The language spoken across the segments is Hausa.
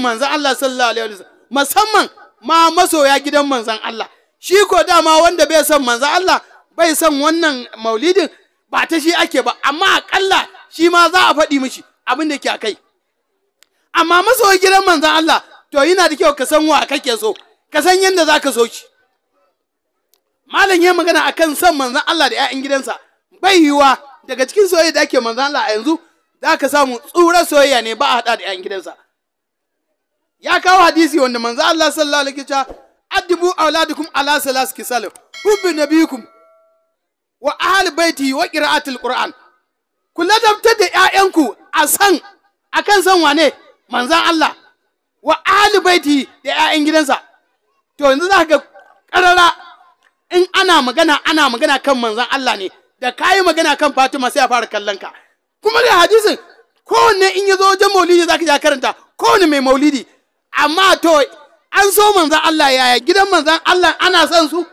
manzan Allah sallallahu alaihi wasallam musamman ma masoya gidan manzan Allah shi ko dama wanda bai san manzan Allah bai san wannan maulidin ba ta shi ake ba amma akalla shi ma za a faɗi mishi abin da ke kai amma masoya gidan manzan Allah to yana da kyau ka san wa kake so ka san yadda za ka so shi malam ya magana akan son manzan Allah da 'ya'yan gidansa bai yiwuwa daga cikin soyayya da ake manzan Allah a yanzu za ka samu tsura soyayya ne ba a haɗa da 'ya'yan gidansa ya kawo hadisi wanda manzo Allah sallallahu alaihi wasallam addibu auladukum ala salas kisal hubbi nabiyikum wa ahli baiti wa qira'atil qur'an ku ladabtar da ƴaƴanku a san akan san wane manzan Allah wa ahli baiti da ƴaƴan gidansa to yanzu za ka karara in ana magana ana magana kan manzan Allah ne da kayi magana kan Fatima sai a fara kallon ka kuma da hadisin kowanne in ya zo wajen maulidi za ka karanta kowanne mai maulidi amma to an so manzan Allah yaya gidan manzan Allah ana son su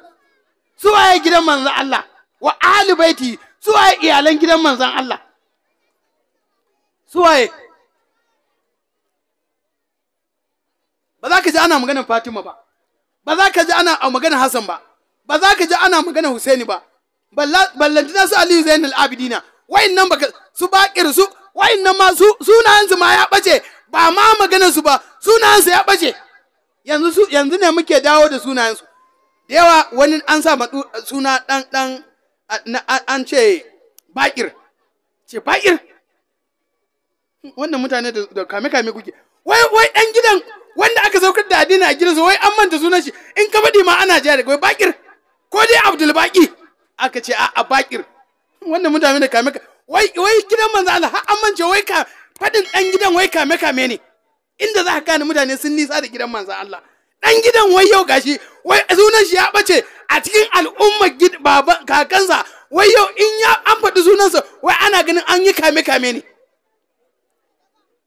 su waye gidan manzan Allah wa ahli baiti su waye iyalan gidan manzan Allah su waye ba za ka ji ana maganar Fatima ba ba za ka ji ana maganar Hassan ba ba za ka ji ana maganar Husaini ba ballantina su Aliyu Zainul Abidina wayannan baka su bakir su wayannan ma su sunayen su ma ya bace ba ma maganar su ba sunayensu ya ɓace yanzu yanzu ne muke dawo da sunayensu da yawa wani an sa suna ɗan ɗan an ce bakir ce bakir wannan mutane da kame-kame kuke wai wai ɗan gidan wanda aka saukar da addini a gidansa wai an manta sunan shi in ka faɗi ma ana jiya da wai bakir ko dai abdul baki aka ce a bakir wannan mutane da kame-kame wai gidan manzo Allah har an mance wai ka faɗin ɗan gidan wai kame-kame ne inda za ka gane mutane sun nisa da gidan manzan Allah dan gidan wai yau gashi wai sunan shi ya bace a cikin al'ummar baba kakansa wai yau in ya an faɗi sunansa wai ana ganin an yi kame kame ne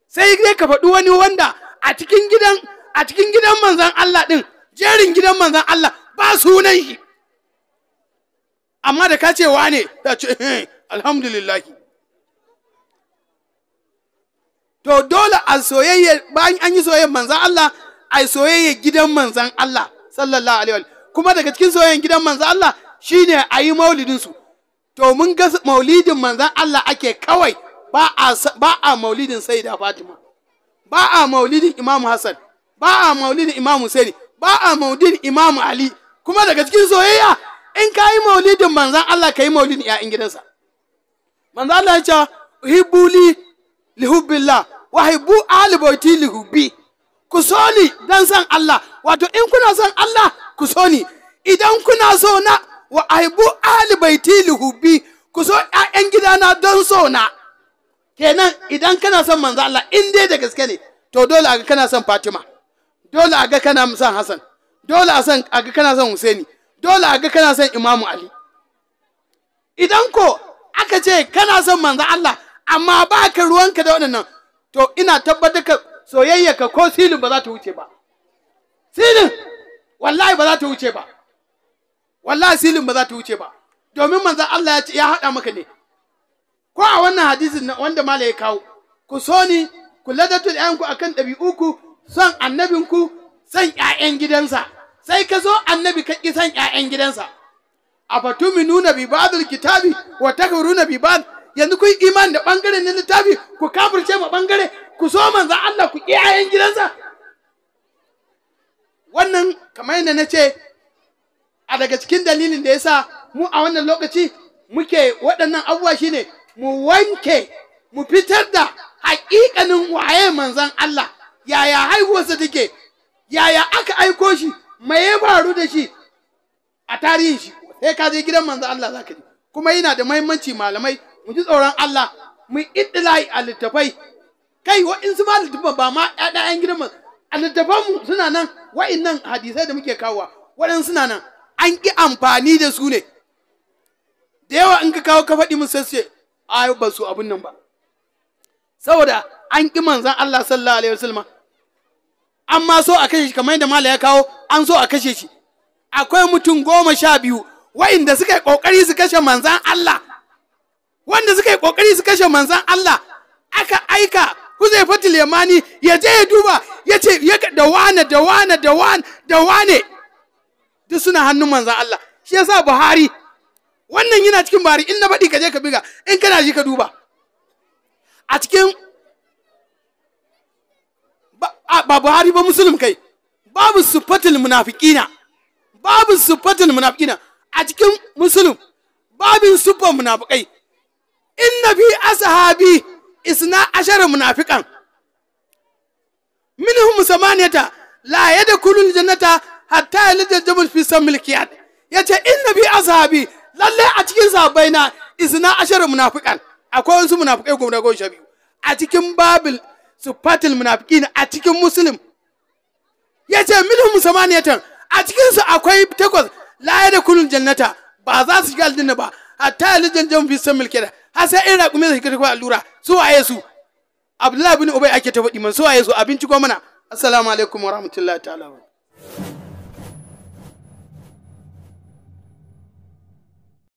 sai dai ka faɗi wani wanda a cikin gidan a cikin gidan manzan Allah din jerin gidan manzan Allah ba sunan shi amma da ka ce wane ta ce eh, alhamdulillah to dole a soyayya bayan an yi soyayyar manzan Allah a soyayya gidan manzan Allah sallallahu alaihi kuma daga cikin soyayya gidan manzan Allah shine a yi maulidin su to mun ga maulidin manzan Allah ake kawai ba a ba a maulidin Sayyida Fatima ba a maulidin Imam Hassan ba a maulidin Imam Husaini ba a maulidin Imam Ali kuma daga cikin soyayya in ka yi maulidin manzan Allah ka yi maulidin ya'in gidansa. Manzan Allah ya ce, hibuli lihubbillah wa hibbu ali baiti lihubbi ku so ni dan san Allah wato in kuna son Allah ku so ni idan kuna so na wa hibbu ali baiti lihubbi ku so ƴaƴan gidana don so na kenan idan kana son manzo Allah in dai da gaske ne to dole a ga kana son Fatima dole a ga kana son Hassan dole a san a ga kana son Husaini dole a ga kana son Imamu Ali idan ko aka ce kana son manzo Allah amma ba ka ruwanka da waɗannan to ina tabbatar ka soyayya ka ko silin ba za ta wuce ba silin wallahi ba za ta wuce ba wallahi silin ba za ta wuce ba domin manzan Allah ya ce ya haɗa maka ne ko a wannan hadisin na wanda mala ya kawo ku so ni ku ladatul ku akan ɗabi'uku son annabinku son ƴaƴan gidansa sai ka zo annabi ka ƙi son ƴaƴan gidansa a fatu nuna bi ba'dul kitabi wa takfuruna bi ba'd yanzu kun imani da bangare na littafi ku kafirce ma bangare ku so manzo Allah ku iyayen ayan gidansa wannan kamar yadda na ce a daga cikin dalilin da yasa mu a wannan lokaci muke waɗannan abubuwa shine mu wanke mu fitar da haƙiƙanin waye manzon Allah yaya haihuwarsa take yaya aka aiko shi mai ya faru da shi a tarihin shi sai ka je gidan manzon Allah zaka ji kuma yana da mahimmanci malamai mu ji tsoron Allah mu iddilahi a littafai kai wa'insu ma littafan ba ma ɗayan girman a littafan mu suna nan wa'innan hadisai da muke kawo waɗansu suna nan an ƙi amfani da su ne da yawa in ka kawo ka faɗi sassiye a ai ba su abin nan ba saboda an ƙi manzan Allah sallallahu alaihi wasallam amma so a kashe shi kamar yadda mala ya kawo an so a kashe shi akwai mutum goma sha biyu wa'inda suka yi ƙoƙari su kashe manzan Allah wanda suka yi kokari su kashe manzan Allah aka aika fati, Lemani ya je ya duba ya ce da wane da wane da wane da wane duk suna hannun manzan Allah shi yasa Buhari wannan yana cikin bari in na faɗi ka je ka biga in kana ji ka duba a cikin ba Buhari ba musulun kai babu sufatul munafiqina babu sufatul munafiqina a cikin musulun babin sufan munafiqai inna bi ashabi isna ashara munafiqan minhum samaniyata la yadkhulul jannata hatta yalija jabal fi sammil qiyad yace inna bi ashabi lalle a cikin sahabbaina isna ashara munafiqan akwai wasu munafikai goma goma sha biyu a cikin babil sufatil munafiqin a cikin muslim yace minhum samaniyata a cikin su akwai takwas la yadkhulul jannata ba za su shiga aljanna ba hatta yalija jabal fi sammil qiyad har sai ina kuma zai kai kwa allura su waye su abdullahi bin ubay ake ta faɗi man su waye su abinci ko mana assalamu alaikum warahmatullahi rahmatullahi ta'ala